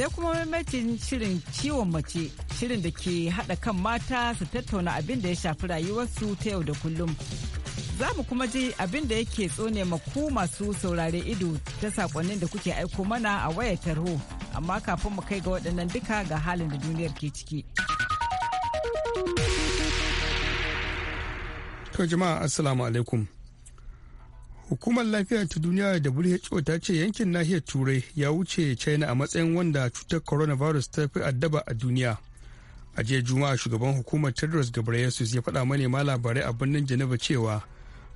sai kuma mamacin shirin ciwon mace shirin da ke haɗa kan mata su tattauna abin da ya shafi rayuwarsu ta yau da kullum za mu kuma ji abin da yake tsone maku masu saurare ido ta sakonnin da kuke aiko mana a wayar tarho amma kafin mu kai ga waɗannan duka ga halin da duniyar ke ciki to jama'a assalamu alaikum hukumar lafiya ta duniya da who ta ce yankin nahiyar turai ya wuce china a matsayin wanda cutar coronavirus ta fi addaba a duniya a jiya juma'a shugaban hukumar tedros gabriel ya faɗa manema labarai a birnin geneva cewa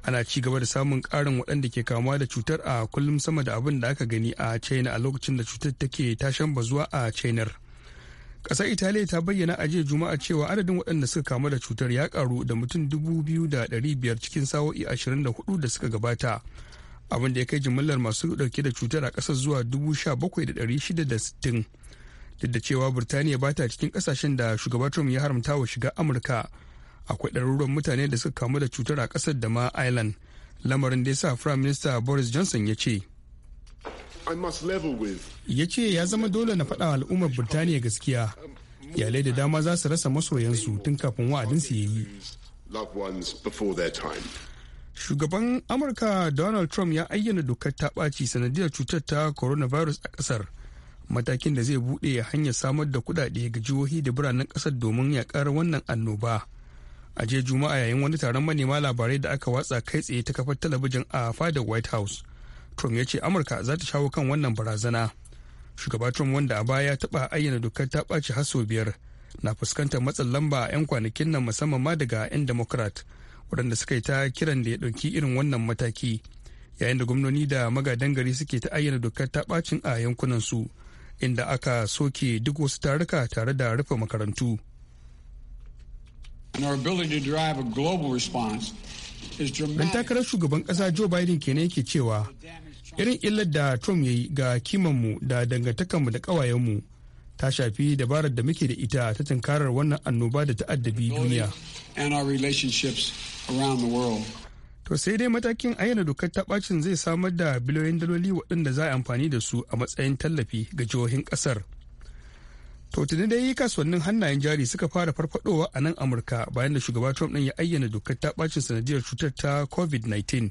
ana ci gaba da samun ƙarin waɗanda ke kamuwa da cutar a kullum sama da abin da aka gani a china a lokacin da cutar take tashan bazuwa a chinar kasar Italiya ta bayyana a jiya Juma'a cewa adadin waɗanda suka kamu da cutar ya karu da mutum 2,500 cikin sa'o'i ashirin da hudu da suka gabata. Abin da ya kai jimillar masu ɗauke da cutar a ƙasar zuwa 17,660. Duk da cewa Birtaniya ba ta cikin ƙasashen da shugaba Trump ya haramta wa shiga Amurka. Akwai ɗaruruwan mutane da suka kamu da cutar a ƙasar da ma Ireland. Lamarin da ya sa Firayim Minista Boris Johnson ya ce. ya ce ya zama dole na faɗa al'ummar birtaniya gaskiya iyalai da dama za su rasa masoyansu tun kafin wa'adinsu ya yi shugaban amurka donald trump ya ayyana dokar ta ɓaci sanadiyar cutar ta coronavirus a ƙasar matakin da zai buɗe hanyar samar da kuɗaɗe ga jihohi da biranen ƙasar domin yaƙar wannan annoba a jiya juma'a yayin wani taron manema labarai da aka watsa kai tsaye ta kafar talabijin a fadar white house trump ya ce amurka za ta shawo kan wannan barazana shugaba trump wanda a baya ya taɓa ayyana dokar ta ɓaci haso biyar na fuskantar matsin lamba a 'yan kwanakin nan musamman ma daga 'yan democrat waɗanda suka yi ta kiran da ya ɗauki irin wannan mataki yayin da gwamnoni da magadan gari suke ta ayyana dokar ta ɓacin a yankunan su inda aka soke duk wasu taruka tare da rufe makarantu. Dan takarar shugaban ƙasa Joe Biden kenan yake cewa irin illar da trump ya yi ga kimanmu da dangantakanmu da mu ta shafi dabarar da muke da ita ta tunkarar wannan annoba da ta'addabi duniya to sai dai matakin ayyana dokar ta bacin zai samar da biliyoyin daloli waɗanda za a amfani da su a matsayin tallafi ga jihohin ƙasar to tuni dai kasuwannin hannayen jari suka fara farfadowa a nan amurka bayan da shugaba trump ɗin ya ayyana dokar ta sanadiyar cutar ta covid-19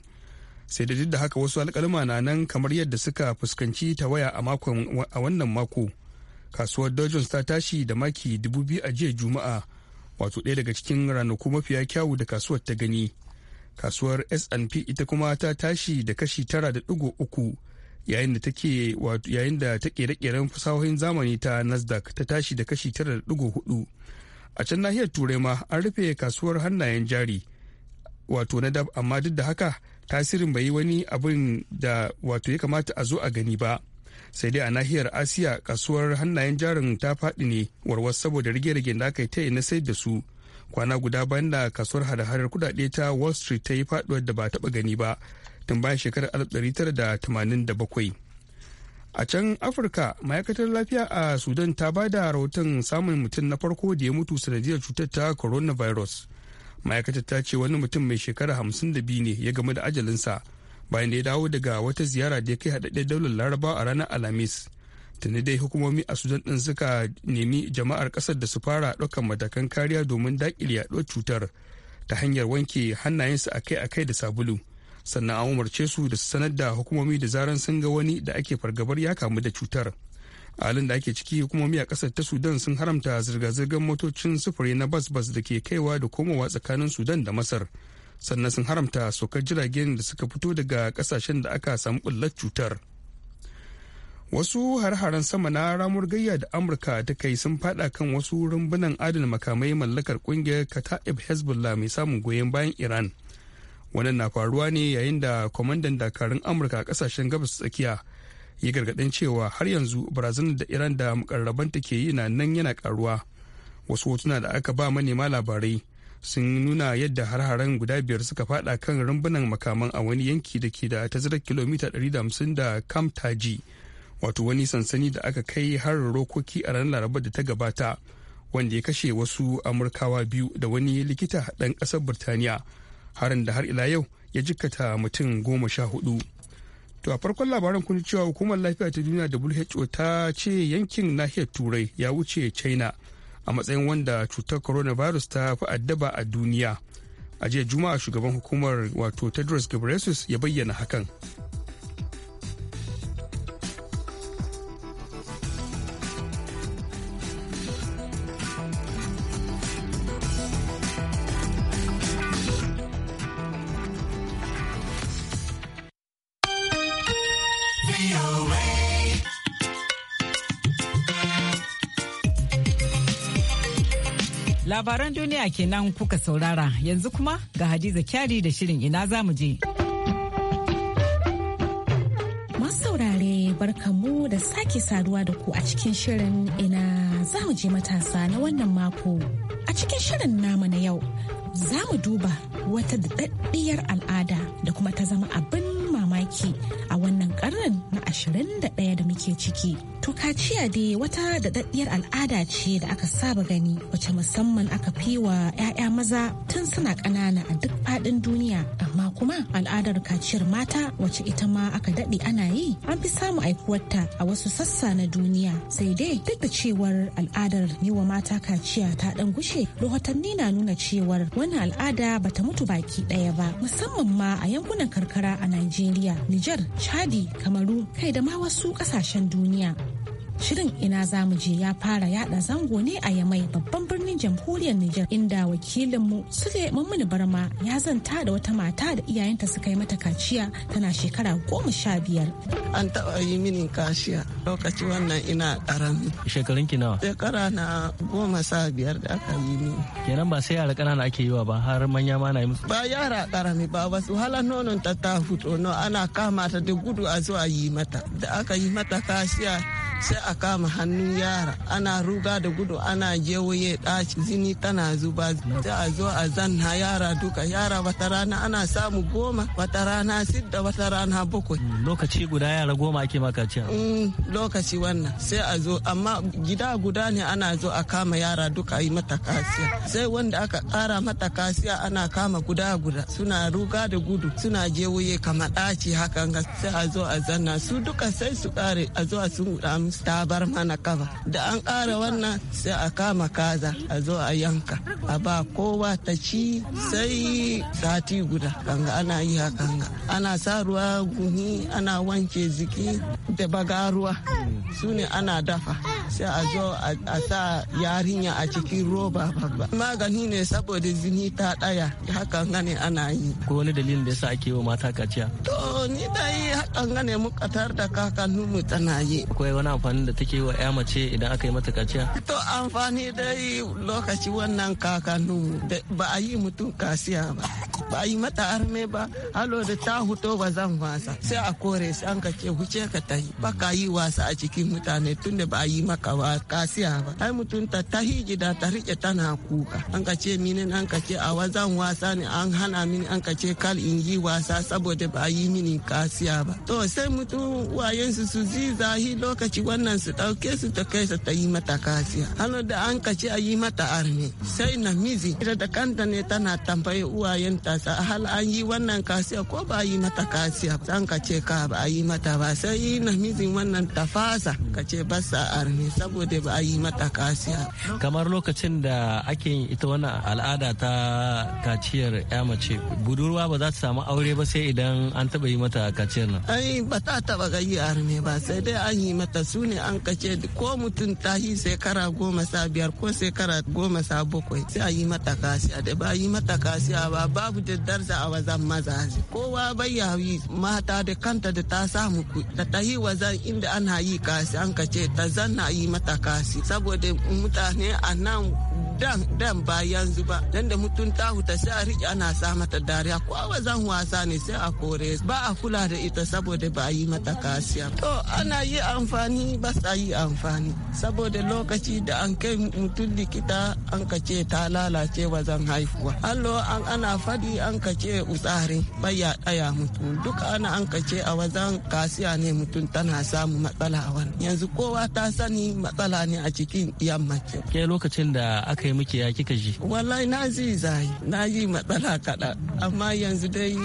sai da duk da haka wasu alkalma na nan kamar yadda suka fuskanci tawaya a makon a wannan mako kasuwar dojons ta tashi da maki dubu biyu a jiya juma'a wato ɗaya daga cikin ranaku mafiya kyawu da kasuwar ta gani kasuwar S&P ita kuma ta tashi da kashi tara da ɗigo uku yayin da take wato yayin da ta kere-keren fasahohin zamani ta Nasdaq ta tashi da kashi tara da ɗigo hudu a can nahiyar turai ma an rufe kasuwar hannayen jari wato na dab amma duk da haka tasirin bai yi wani abin da wato ya kamata a zo a gani ba sai dai a nahiyar asiya kasuwar hannayen jarin ta faɗi ne warwas saboda rige-rigen da aka yi ta na sayar da su kwana guda bayan da kasuwar hada-hadar kudade ta wall street ta yi faɗuwar da ba taɓa gani ba tun bayan shekarar 1987 a can afirka ma'aikatar lafiya a sudan ta ba da rahoton samun mutum na farko da ya mutu sanadiyar cutar ta coronavirus ma'aikatar ta ce wani mutum mai shekara hamsin da biyu ne ya gamu da ajalinsa bayan da ya dawo daga wata ziyara da ya kai haɗaɗɗen daular larabawa a ranar alhamis tuni dai hukumomi a sudan ɗin suka nemi jama'ar ƙasar da su fara ɗaukan matakan kariya domin daƙile yaɗuwar cutar ta hanyar wanke hannayensu akai-akai da sabulu sannan an umarce su da su sanar da hukumomi da zaran sun ga wani da ake fargabar ya kamu da cutar. halin da ake ciki hukumomi a kasar ta sudan sun haramta zirga-zirgar motocin sufuri na bas-bas da ke kaiwa da komowa tsakanin sudan da masar sannan sun haramta sokar jiragen da suka fito daga kasashen da aka samu bullar cutar wasu har-haren sama na ramur gayya da amurka ta kai sun fada kan wasu rumbunan adana makamai mallakar kungiyar kata'ib hezbollah mai samun goyon bayan iran wannan na faruwa ne yayin da kwamandan dakarun amurka a kasashen gabas tsakiya yi gargaɗin cewa har yanzu brazil da iran da mukarrabanta ke yi na nan yana karuwa wasu hotuna da aka ba manema labarai sun nuna yadda har-haren guda biyar suka fada kan rumbunan makaman a wani yanki da ke da tazarar kilomita 150 da kamtaji wato wani sansani da aka kai har rokoki a ranar laraba da ta gabata wanda ya kashe wasu amurkawa biyu da wani likita ɗan ƙasar birtaniya harin da har ila yau ya jikkata mutum goma sha hudu To a farkon labaran kun cewa hukumar lafiya ta duniya WHO ta ce yankin nahiyar Turai ya wuce China a matsayin wanda cutar coronavirus ta fi addaba a duniya. A jiya Juma'a shugaban hukumar wato Tedros Ghebreyesus ya bayyana hakan. Labaran duniya kenan kuka saurara yanzu kuma ga Hadiza Kyari da shirin ina za mu je. saurare barkamu da sake saduwa da ku a cikin shirin ina za mu je matasa na wannan mako. A cikin shirin namu na yau za mu duba wata daɗaɗɗiyar al'ada da kuma ta zama abin mamaki a wannan karnin na ashirin da da muke ciki. To kaciya dai wata daɗaɗɗiyar al'ada ce da aka saba gani wacce musamman aka fi wa 'ya'ya maza tun suna ƙanana a duk faɗin duniya amma kuma al'adar kaciyar mata wacce ita ma aka daɗe ana yi an fi samun aikuwarta a wasu sassa na duniya sai dai duk da cewar al'adar yi wa mata kaciya ta ɗan gushe rahotanni na nuna cewar wannan al'ada bata mutu baki ɗaya ba musamman ma a yankunan karkara a Najeriya, Nijar, Chadi kamaru kai da ma wasu kasashen duniya Shirin ina za mu je ya fara yada zango ne a Yamai babban birnin jamhuriyar Nijar inda wakilinmu Sule Mummuni Barma ya zanta da wata mata da iyayenta suka yi mata kaciya tana shekara goma sha biyar. An taɓa yi mini kaciya lokaci wannan ina ƙarami. Shekarun ki nawa? Shekara na goma sha biyar da aka yi mini. Kenan ba sai yara ƙanana ake yi wa ba har manya ma na yi musu. Ba yara ƙarami ba ba su hala nonon ta ta fito ana kama ta da gudu a zuwa yi mata. Da aka yi mata kaciya sai a kama hannun yara ana ruga da gudu ana jewaye ɗaci zini tana zuba za a zo a zanna yara duka yara wata rana ana samu goma wata rana sidda wata rana bakwai lokaci guda yara goma ake makaci. a mm, lokaci wannan sai a zo amma gida guda ne ana zo a kama yara duka yi mata kasiya sai wanda aka kara mata kasiya ana kama guda guda suna ruga da gudu suna jewaye kama ɗaci hakan sai a zo a zanna su duka sai su kare a zo a sun ta bar mana kaba da an ƙara wannan sai a kama kaza a zo a yanka a ba kowa ta ci sai sati guda kanga ana yi kanga ana sa ruwa guni ana wanke ziki da bagaruwa su ne ana dafa sai a zo a sa yarinya a cikin roba babba magani ne saboda zini ta ɗaya hakan ne ana yi ko wani dalilin da yasa ake yi wa mata kaciya to To ni dai hakan gane mu katar da kakanninmu tana yi. Akwai wani amfani da take wa ya mace idan aka yi mata kaciya? To amfani dai lokaci wannan kakanninmu ba a yi mutum kasiya ba. Ba a yi mata arme ba, halo da ta huto ba zan wasa. Sai a kore sai an ka huce ka yi. Ba ka yi wasa a cikin mutane tun da ba a yi maka ba kasiya ba. Ai mutum ta tahi gida ta rike tana kuka. An ka ce minin an ka a wazan wasa ne an hana mini an ka kal in yi wasa saboda ba a yi mini kasiya ba to sai mutum wayensu su zi zahi lokaci wannan su ɗauke su ta kai su ta yi mata kasiya Hano da an kace a yi mata arme sai mizi. ita da kanta ne tana tambaye uwayenta sa hal an yi wannan kasiya ko ba yi mata kasiya an kace ka ba a yi mata ba sai mizi wannan tafasa kace ba sa arme saboda ba a yi mata kasiya kamar lokacin da ake yin ita wannan al'ada ta kaciyar ya mace budurwa ba za ta samu aure ba sai idan an taba yi mata kace nan ai ba ta taba gayi arme ba sai dai an yi mata su ne an kace ko mutum ta yi shekara goma sa biyar ko shekara goma sa bakwai sai a yi mata kasiya da ba yi mata kasiya ba babu da darza a wazan mazaje kowa bai ya yi mata da kanta da ta samu kuɗi da ta yi wazan inda ana yi kasi an kace ta zanna yi mata kasi saboda mutane a nan dan dan ba yanzu ba dan da mutum ta huta sai a riƙe ana sa mata dariya ko wazan wasa ne sai a kore ba a kula da ita saboda ba a yi mata kasiya to ana yi amfani ba sa yi amfani saboda lokaci da an kai mutum likita an ka ta lalace wajen haihuwa allo an ana fadi an ka ce utsari ya daya mutum duk ana an ka a wajen kasiya ne mutum tana samun matsala wani yanzu kowa ta sani matsala ne a cikin yammaci ke lokacin da aka yi miki ya kika ji wallahi na ji zai na yi matsala kaɗan amma yanzu dai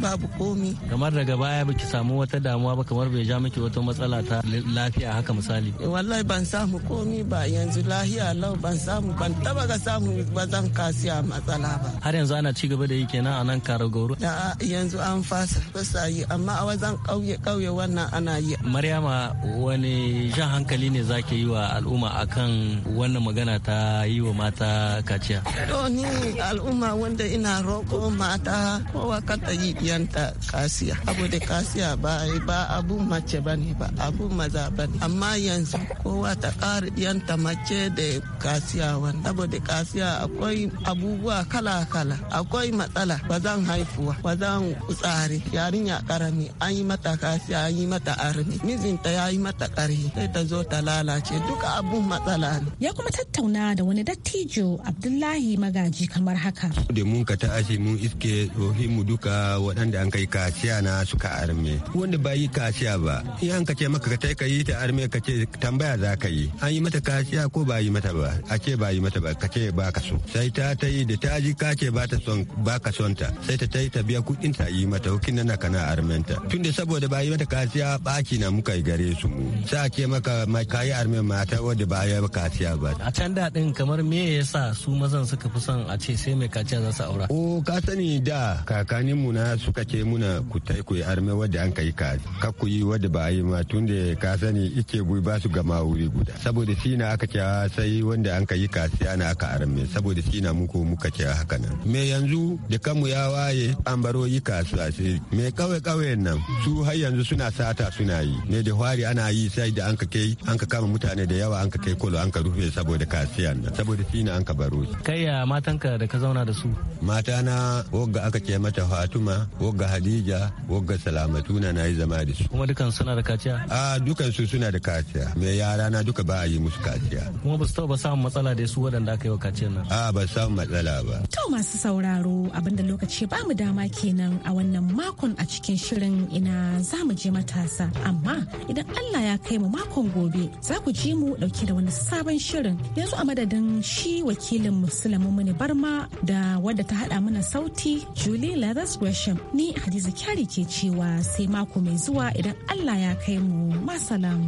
babu komi kamar daga baya baki samu wata damuwa ba kamar bai ja miki wata matsala ta lafiya haka misali eh, wallahi ban samu komi ba yanzu lahiya lau ban samu ban taba ga samu ba zan kasiya matsala ba har yanzu ana ci gaba da yi kenan a nan karagoro da yanzu an fasa fasa yi amma a wajen kauye kauye wannan ana yi maryama wani jan hankali ne zake yi wa al'umma akan wannan magana ta yi wa mata kaciya to ni al'umma wanda ina roƙo mata kowa kata yi yanta kasiya da kasiya ba ba abun mace ne ba abun maza bane amma yanzu kowa ta ƙara yanta mace da kasiya wani da kasiya akwai abubuwa kala-kala akwai matsala ba zan haifuwa ba zan tsari ya karami an yi mata kasiya an yi mata armi mijinta ya yi mata ƙarhi sai ta zo ta lalace duka abun matsala ne ya kuma tattauna da wani dattijo abdullahi magaji kamar haka da mun ka ta ashe mun iske tsohi mu duka waɗanda an kai kaciya na suka arme wanda ba yi kaciya ba in an kace maka ka ka yi ta arme ka ce tambaya za ka yi an yi mata kaciya ko ba yi mata ba a ce ba yi mata ba ka ce ba ka so sai ta ta yi da ta ji ka ce ba ta son ba ka son ta sai ta ta yi ta biya kuɗin ta yi mata hukin nan ta. armenta tunda saboda ba yi mata kaciya baki na muka yi gare su mu sai a ce maka ka kayi armen mata wadda ba yi kaciya ba a can da din kamar me yasa su mazan suka fi son a ce sai mai kaciya za su aura o oh, ka sani da kakanninmu na suka ce muna ku tai ku yi arme wadda an kai ka ka ku yi wadda ba yi ma tun da ka sani ike bui ba su gama wuri guda saboda shi na aka ce sai wanda an kai ka sai ana aka arme saboda shi na muku muka ce haka nan me yanzu da kanmu ya waye an baro yi kasuwa sai me kawai kawai nan su har yanzu suna sata suna yi ne da hwari ana yi sai da an ka kai an ka kama mutane da yawa an ka kai kolo an ka rufe saboda kasiyan nan saboda shi na an ka baro kai ya matanka da ka zauna da su mata na wogga aka ce mata Fatuma wogga hadija wogga salamatuna na yi zama da su kuma dukan suna da kaciya a dukan su suna da kaciya mai yara na duka ba a yi musu kaciya kuma ba su taɓa samun matsala da su waɗanda aka yi wa kaciyar nan a ba samun matsala ba to masu sauraro abinda lokaci ba mu dama kenan a wannan makon a cikin shirin ina za mu je matasa amma idan Allah ya kai mu makon gobe za ku ji mu dauke da wani sabon shirin yanzu a madadin shi wakilin musulmi muni barma da wadda ta haɗa mana sauti Julie Lazarus Gresham ni hadiza kyari ke cewa sai mako mai zuwa idan allah ya kai mu masalam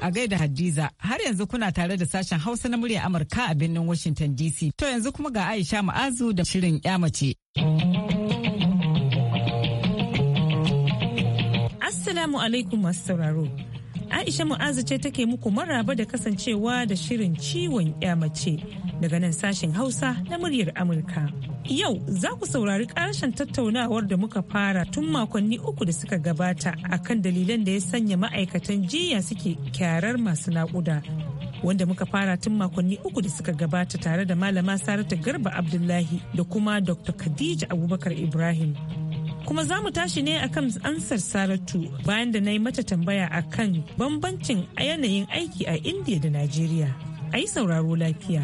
a gaida hadiza har yanzu kuna tare da sashen hausa na murya amurka a birnin washington dc to yanzu kuma ga aisha ma'azu da shirin mace. assalamu alaikum masu sauraro Aisha Mu'azu ce take muku maraba da kasancewa da shirin ciwon mace daga nan sashen Hausa na muryar Amurka. Yau za ku saurari karshen tattaunawar da muka fara tun makonni uku da suka gabata a kan dalilan da ya sanya ma'aikatan jiya suke kyarar masu naƙuda. Wanda muka fara tun makonni uku da suka gabata tare da malama Saratu Garba Abdullahi da kuma Dr. Khadija Abubakar Ibrahim. kuma za mu tashi ne akan ansar saratu bayan da na yi mata tambaya akan bambancin yanayin aiki a indiya da najeriya a yi sauraro lafiya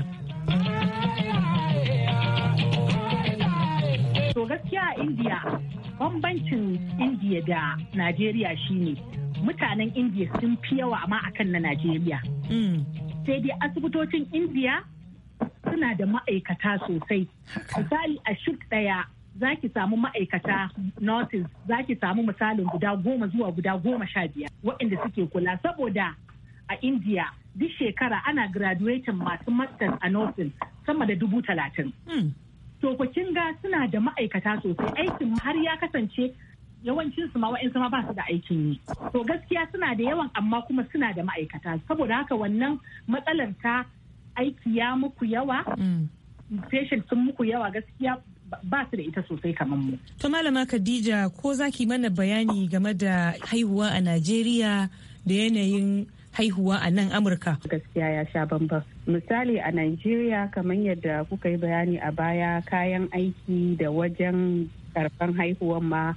to gaskiya a indiya bambancin indiya da najeriya shine mutanen indiya sun fi yawa ma akan na najeriya mm. sai dai asibitocin indiya suna da ma'aikata sosai misali a shuk daya za ki samu ma'aikata nurses za ki samu misalin guda goma zuwa guda goma sha biyar waɗanda suke kula saboda a india duk shekara ana graduating masu masters a nursing sama da dubu talatin hmm. to ku kin ga suna da ma'aikata sosai aikin har ya kasance yawancin su ma wa'in ba su da aikin yi to gaskiya suna da yawan amma kuma suna da ma'aikata saboda haka wannan matsalar ta aiki ya muku yawa hmm. patient sun muku yawa gaskiya ba su da ita sosai kamar mu. To malama Khadija ko za ki mana bayani game da haihuwa a Najeriya da yanayin haihuwa a nan Amurka. Gaskiya ya sha bambam. Misali a Najeriya kamar yadda kuka yi bayani a baya kayan aiki da wajen karfan haihuwan ma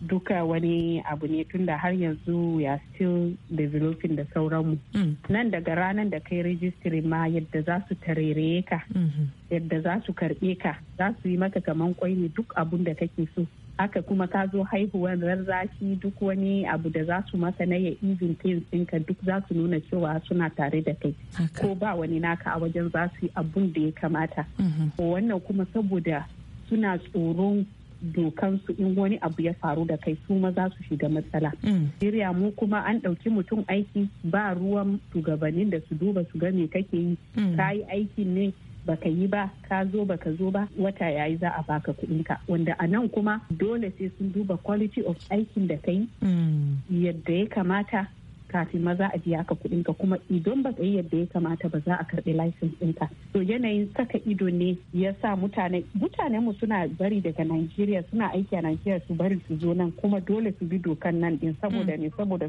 duka wani abu ne tunda har yanzu ya still developing da sauranmu mm. nan daga ranar da kai registry ma yadda za su tarere ka mm-hmm. yadda za su karbe ka za su yi maka kaman kwai ne duk abun da kake so haka kuma ka zo haihuwar rarraki duk wani abu da za su maka na ya izin kayan sinka duk za su nuna cewa suna tare da kai ko ba wani naka a wajen za su yi abun da ya kamata mm-hmm. wannan kuma saboda suna tsoron dokansu in wani abu ya faru da kai su maza su shiga matsala. Mm. Nigeria mu kuma an ɗauki mutum aiki ba ruwan shugabannin da su duba su ga me kake yi. Mm. Ka yi aikin ne baka yi ba ka zo baka zo ba wata yayi za a baka ka. wanda a nan kuma dole sai sun duba quality of aikin da kai mm. yadda ya kamata kafin ma za a biya ka kuɗin ka kuma idon ba yi yadda ya kamata ba za a karɓi license ɗinka to yanayin saka ido ne ya sa mutane mutane mu suna bari daga nigeria suna aiki a nigeria su bari su zo nan kuma dole su bi dokan nan din saboda ne mm. saboda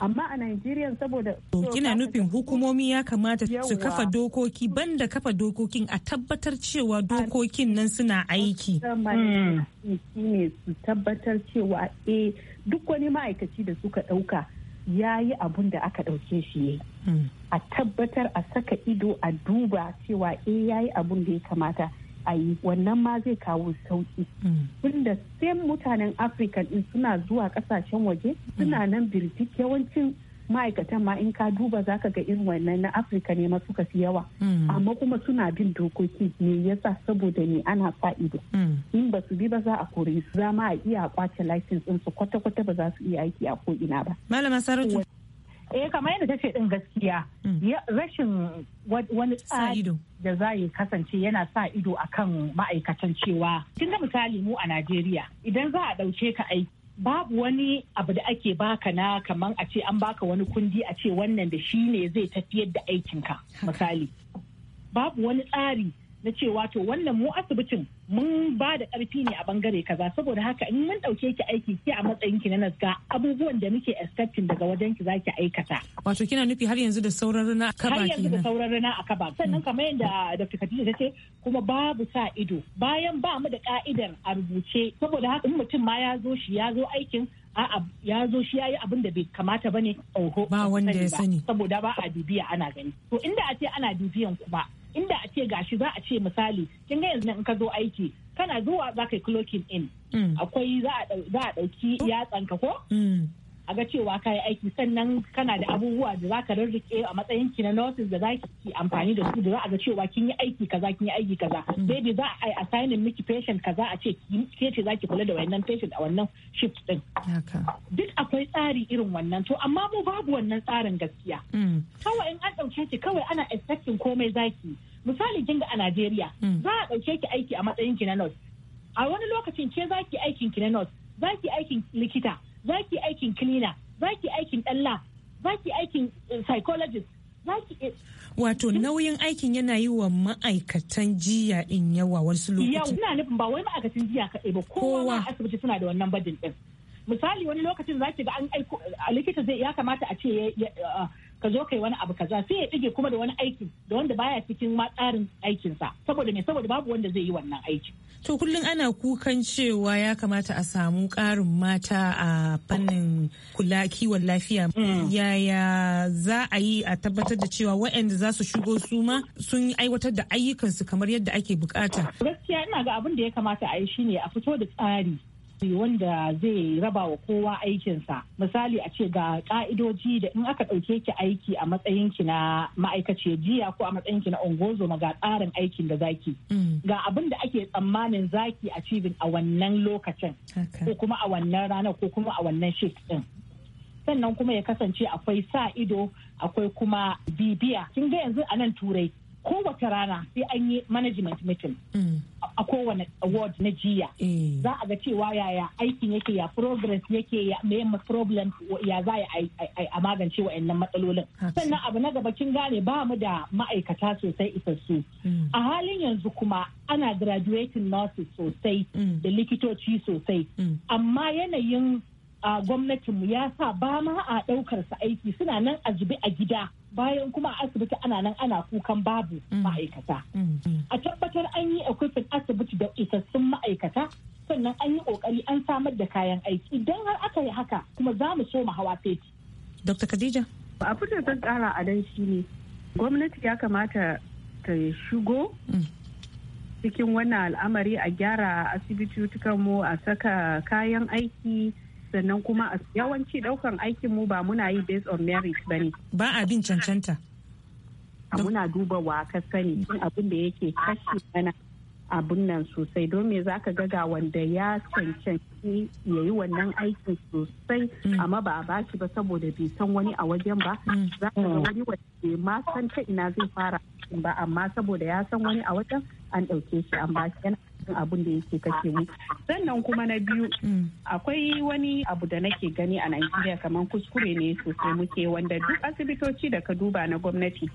amma a Nigeria saboda kina nufin hukumomi ya kamata su kafa dokoki banda kafa dokokin a tabbatar cewa dokokin nan suna aiki mm. su tabbatar cewa eh duk wani ma'aikaci da suka ɗauka ya yi abun da aka ɗauke shi yi hmm. a tabbatar a saka ido a duba cewa eh ya yi abun da ya kamata a yi wannan ma zai kawo sauki hmm. tunda sai mutanen afirka din suna zuwa ƙasashen waje suna hmm. nan birtik yawancin ma'aikatan ma in ka duba za ka ga irin wannan na afirka ne masu suka yawa hmm. amma kuma suna bin dokoki me yasa saboda ne ana sa hmm. in ba su bi ba za a kore su za ma a iya kwace license su kwata-kwata ba za su iya aiki a ko ina ba malama saratu eh kamar yadda ta ce din gaskiya hmm. rashin wani tsari da za ya kasance yana sa ido akan ma'aikatan cewa Kin ga misali mu a Najeriya idan za a ɗauke ka aiki babu wani abu da ake baka na kamar a ce an baka wani kundi a ce wannan da shi ne zai tafiyar da aikinka misali babu wani tsari na cewa to wannan mu asibitin mun ba da ƙarfi ne a bangare kaza saboda haka in mun ɗauke ki aiki ki a matsayin ki na nasga abubuwan da muke expecting daga wajen ki zaki aikata. Wato kina nufi har yanzu da sauran rana a kaba Har yanzu da sauran rana a kaba sannan kamar yadda Dr. Khadija ta ce kuma babu sa ido bayan ba mu da ka'idar a rubuce saboda haka in mutum ma ya zo shi ya zo aikin a'a ya zo shi ya yi abin da bai kamata bane oho ba wanda ya sani saboda ba a bibiya ana gani to inda a ce ana bibiyan ku ba inda a ce gashi za a ce misali kin ga yanzu in ka zo aiki kana zuwa za ka yi clocking in mm. akwai za a ɗauki mm. yatsanka ko mm. a ga cewa kayi aiki sannan kana da abubuwa da zaka rarrike a matsayin ki na nurses da zaki ki amfani da su da za a ga cewa kin yi aiki kaza kin yi aiki kaza mm. baby za a yi assigning miki patient kaza a ce ke ce zaki kula da wannan patient a wannan shift din duk akwai tsari irin wannan to amma mu babu wannan tsarin gaskiya mm. kawai in an dauke ki kawai ana expecting komai za ki misali kinga a Najeriya mm. za a dauke ki aiki a matsayin ki na nurse a wani lokacin ke za ki aikin ki na nurse ki aikin likita za aikin cleaner za ki aikin ɗalla za ki aikin eh, psychologist eh, Wato nauyin aikin yana yi wa ma'aikatan jiya in yawa wasu lokutan. Yau ina nufin ba wai ma'aikatan jiya kaɗai ba kowa a asibiti suna da wannan badin ɗin. Misali wani lokacin za ki ga an aiko a likita zai ya kamata a ce eh, ka zo kai wani abu kaza sai ya ɗige kuma da wani aiki da wanda baya cikin tsarin aikinsa saboda me saboda babu wanda zai yi wannan aiki. To kullum ana kukan cewa ya kamata a samu ƙarin mata a fannin kula kiwon lafiya. Mm. Yaya za a yi a tabbatar da cewa waɗanda za su shigo su ma sun aiwatar da ayyukansu kamar yadda ake bukata. Gaskiya ina ga abin da ya kamata a yi shine a fito da tsari wanda zai raba wa kowa aikinsa misali a ce ga ka'idoji da in aka ɗauke ki aiki a matsayin ki na ma'aikaciya jiya ko a matsayin ki na ungozoma ga tsarin aikin da zaki mm. ga abin da ake tsammanin zaki a cibin a wannan lokacin ko kuma a wannan ranar ko kuma a wannan shift din sannan kuma ya kasance akwai sa ido akwai kuma bibiya kin ga yanzu a nan turai kowace rana sai an yi management meeting mm. a kowane award na jiya eh. za a ga cewa yaya aikin yake ya progress yake ya mayan problem ya za a magance wa'annan matsalolin sannan abu na gaba kin gane ba mu da ma'aikata sosai isassu mm. a halin yanzu kuma ana graduating nurses sosai mm. da likitoci sosai amma yanayin a gwamnatinmu ya sa ba ma a ɗaukar sa aiki suna nan a zube a gida bayan kuma a asibiti ana nan ana kukan babu mm. ma'aikata. Mm. A tabbatar an yi equipment asibiti da isassun ma'aikata sannan an yi kokari an samar da kayan aiki idan har aka yi haka kuma za mu so mu hawa feti. Dr. Khadija. Abu da zan kara a dan shi ne gwamnati ya kamata ta shigo mm. cikin wannan al'amari a gyara asibitotukan mu a saka kayan aiki sannan kuma a yawanci daukan aikin mu ba muna yi based on merit ba ne ba abin cancanta muna duba wa ka sani abin da yake kashe mana abin nan sosai don me zaka ga ga wanda ya cancanci ya yi wannan aikin sosai mm. amma ba a bashi ba saboda bai san wani a wajen ba mm. za ka ga wani wanda ma san ta ina zai fara ba amma saboda ya san wani a wajen an ɗauke shi an shi yana cikin abun da yake kake mu sannan kuma na biyu mm. akwai wani abu da nake gani a Najeriya kamar kuskure ne sosai muke wanda duk asibitoci da ka duba na gwamnati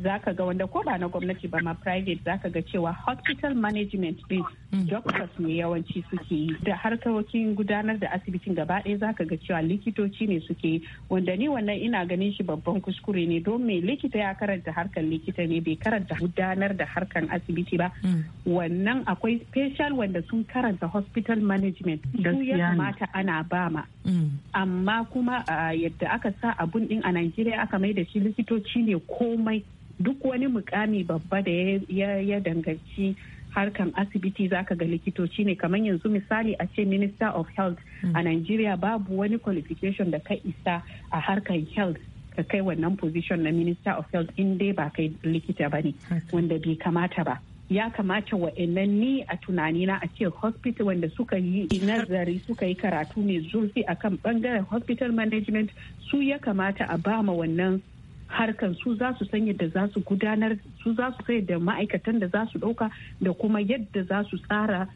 Za ka ga wanda ko ba na gwamnati ba ma private za ka ga cewa hospital management din mm. doctors ne yawanci suke yi da harkokin gudanar da asibitin gaba ɗaya ka ga cewa likitoci ne suke yi wanda ni wannan ina ganin shi babban kuskure ne don me likita ya karanta harkar likita ne bai karanta gudanar da harkar asibiti ba mm. wannan akwai special wanda sun karanta hospital management su ya kamata ana ba ma. Mm. amma kuma yadda aka sa abun din a Najeriya aka mai da shi likitoci ne komai duk wani mukami babba da ya danganci harkan asibiti zaka ga likitoci ne kamar yanzu misali a ce minister of health mm. a nigeria babu wani qualification da ka isa a harkan health ka kai wannan position na minister of health in dai ba kai likita ba ne wanda bai kamata ba ya kamata wa'annan ni a tunanina a ce hospital wanda suka yi nazari suka yi karatu mai zurfi akan bangaren hospital management su ya kamata a bama wannan harkar su za su san yadda za su gudanar su za su sai da ma'aikatan da za su ɗauka da kuma yadda za su tsara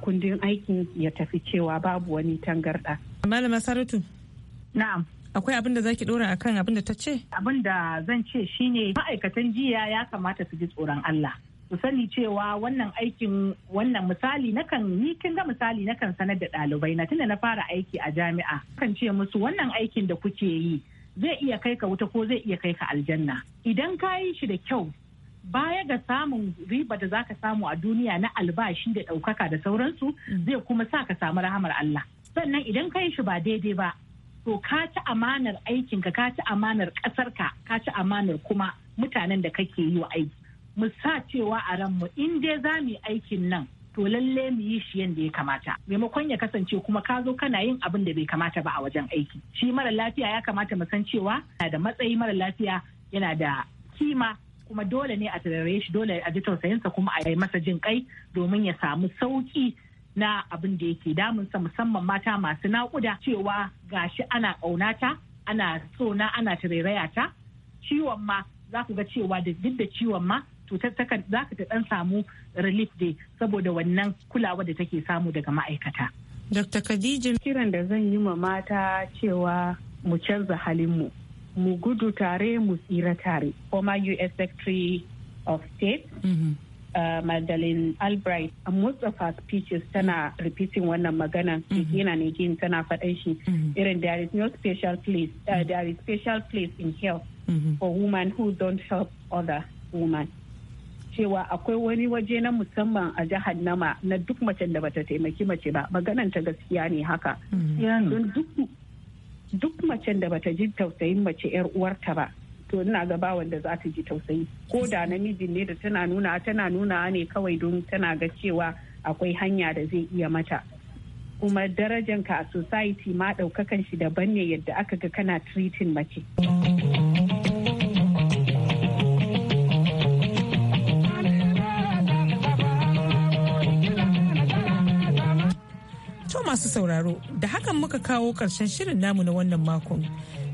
kundin aikin ya tafi cewa babu wani tangarɗa. Malama Saratu. Na'am. akwai abin da zaki dora akan abin da ta ce? Abin da zan ce shine ma'aikatan jiya ya kamata su ji tsoron Allah. Su sani cewa wannan aikin wannan misali nakan ni kin ga misali nakan sanar da ɗalibai na tunda na fara aiki a jami'a. Kan ce musu wannan aikin da kuke yi zai iya kai ka wuta ko zai iya kai ka aljanna idan ka yi shi da kyau baya ga samun riba da zaka samu a duniya na albashi da ɗaukaka da sauransu mm. zai kuma sa ka samu rahamar Allah sannan idan ka yi shi ba daidai ba to ka ci amanar aikinka ka ci amanar ƙasarka ka ci amanar kuma mutanen da kake yi wa aiki mu sa cewa a ranmu in dai za mu yi aikin nan to lalle mu yi shi yadda ya kamata maimakon ya kasance kuma ka zo kana yin abin da bai kamata ba a wajen aiki shi mara lafiya ya kamata mu san cewa yana da matsayi mara lafiya yana da kima kuma dole ne a tarare shi dole a ji tausayinsa kuma a yi masa jin kai domin ya samu sauki na abin da yake damunsa musamman mata masu naƙuda cewa gashi ana ƙaunata ana tsona ana tarairaya ta ciwon ma za ku ga cewa da duk da ciwon ma cutar takan za ta dan samu relief dai saboda wannan kulawa da take samu daga ma'aikata. Dr. Khadija kiran da zan yi ma mata cewa mu canza halinmu mu gudu tare mu tsira tare. Former U.S. Secretary of State mhm. Uh, Madeleine Albright a her speeches tana repeating wannan magana. Mhm. yana ne gini tana faɗan shi mhm. irin there is no special place uh, there is special place in health for women who don't help other women. cewa akwai wani waje na musamman a jihar nama na duk macen da bata taimaki mace ba maganan ta gaskiya ne haka don duk macen da bata ji tausayin mace yar uwarta ba to ina gaba wanda za ta ji tausayi ko da namijin ne da tana nuna tana nuna ne kawai don tana ga cewa akwai hanya da zai iya mata kuma darajanka a society ma ɗaukakan shi daban ne yadda aka ga kana treating mace. masu sauraro da hakan muka kawo ƙarshen shirin namu na wannan makon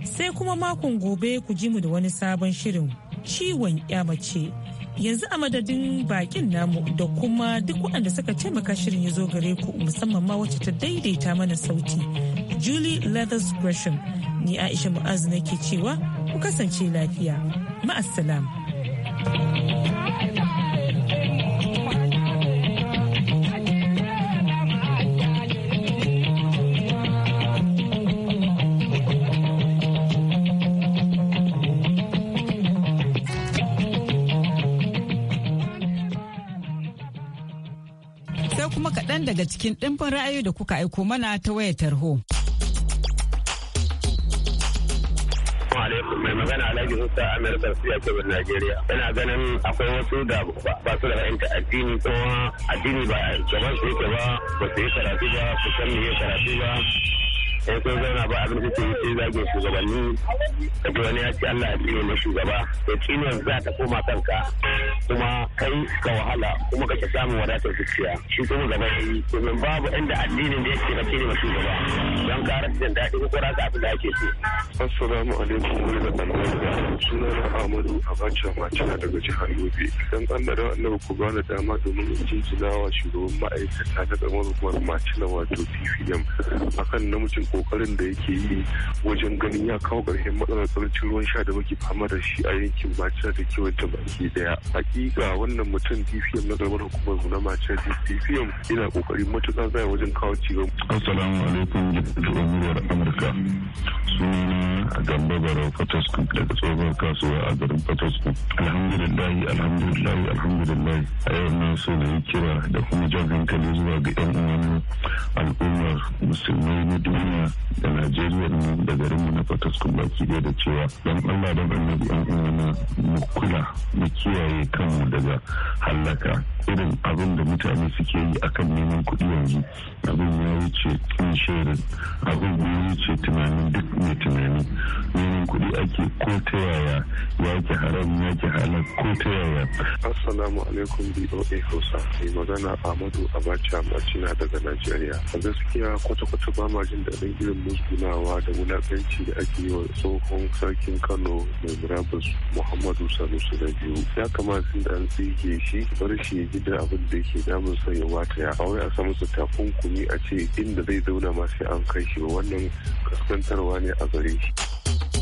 sai kuma makon gobe ku ji mu da wani sabon shirin ciwon mace yanzu a madadin bakin namu da kuma duk waɗanda suka taimaka shirin ya zo gare ku musamman ma wacce ta daidaita mana sauti julie leathers gresham ni aisha mu'azu nake cewa ku kasance lafiya ma'assalam kaɗan daga cikin ɗimbin ra'ayoyi da kuka aiko mana ta wayar tarho. mai magana alhaji musa amir garcia kebir najeriya yana ganin akwai wasu da ba su da fahimta addini ko addini ba gaban su yake ba ba su yi karatu ba su san me karatu ba sai kun zauna ba abin da ke yi sai zagin shugabanni da wani ya ce Allah ya tsine na shugaba da tsiniyar za ta koma kanka kuma kai ka wahala kuma kake samun wadatar zuciya shi kuma gaba yi domin babu inda addinin da ce ka tsine ma shugaba don ka rasa jan daɗi ko rasa abin da ake so. Assalamu alaikum wani da ɗanɗanɗa suna na Amadu Abacha Macina daga jihar Yobe. Dan ɓangaren Allah ku da dama domin in wa shugaban ma'aikata na wani kuma Macina wato PPM akan namijin kokarin da yake yi wajen ganin ya kawo ƙarshen matsalar karancin ruwan sha da muke fama da shi a yankin macer da kewayen ta baki daya hakika wannan mutum dpm na garbar hukumar na macer dpm yana kokarin matuƙa zai wajen kawo cigaba. assalamu alaikum jam'iyyar amurka sunana gamba barau fatasku daga tsohon kasuwa a garin fatasku alhamdulillahi alhamdulillahi alhamdulillahi a yau na so da yi kira da kuma jan hankali zuwa ga 'yan uwan al'umma musulmai na duniya da najeriya ne da garinmu na fataskun baki da cewa Dan allah dan annabi an umarna mu kula mu kiyaye kanmu daga hallaka irin abin da mutane suke yi akan neman kuɗi yanzu abin ya wuce inshirin abin ya wuce tunanin duk mai tunani neman kuɗi ake ko ta yaya ya ke haram ya ke halar ko ta yaya assalamu alaikum boa hausa mai magana amadu abacha macina daga najeriya a gaskiya kwata-kwata ba ma jin daɗin irin musgunawa da wulaƙanci da ake yi wa tsohon sarkin kano mai murabus muhammadu sanusi na biyu ya kamata da an tsige shi bar shi ya gida abin da yake damun sa ya wata ya wai a sa su takunkumi a ce inda zai zauna ma sai an kai shi wannan kaskantarwa ne a gare shi.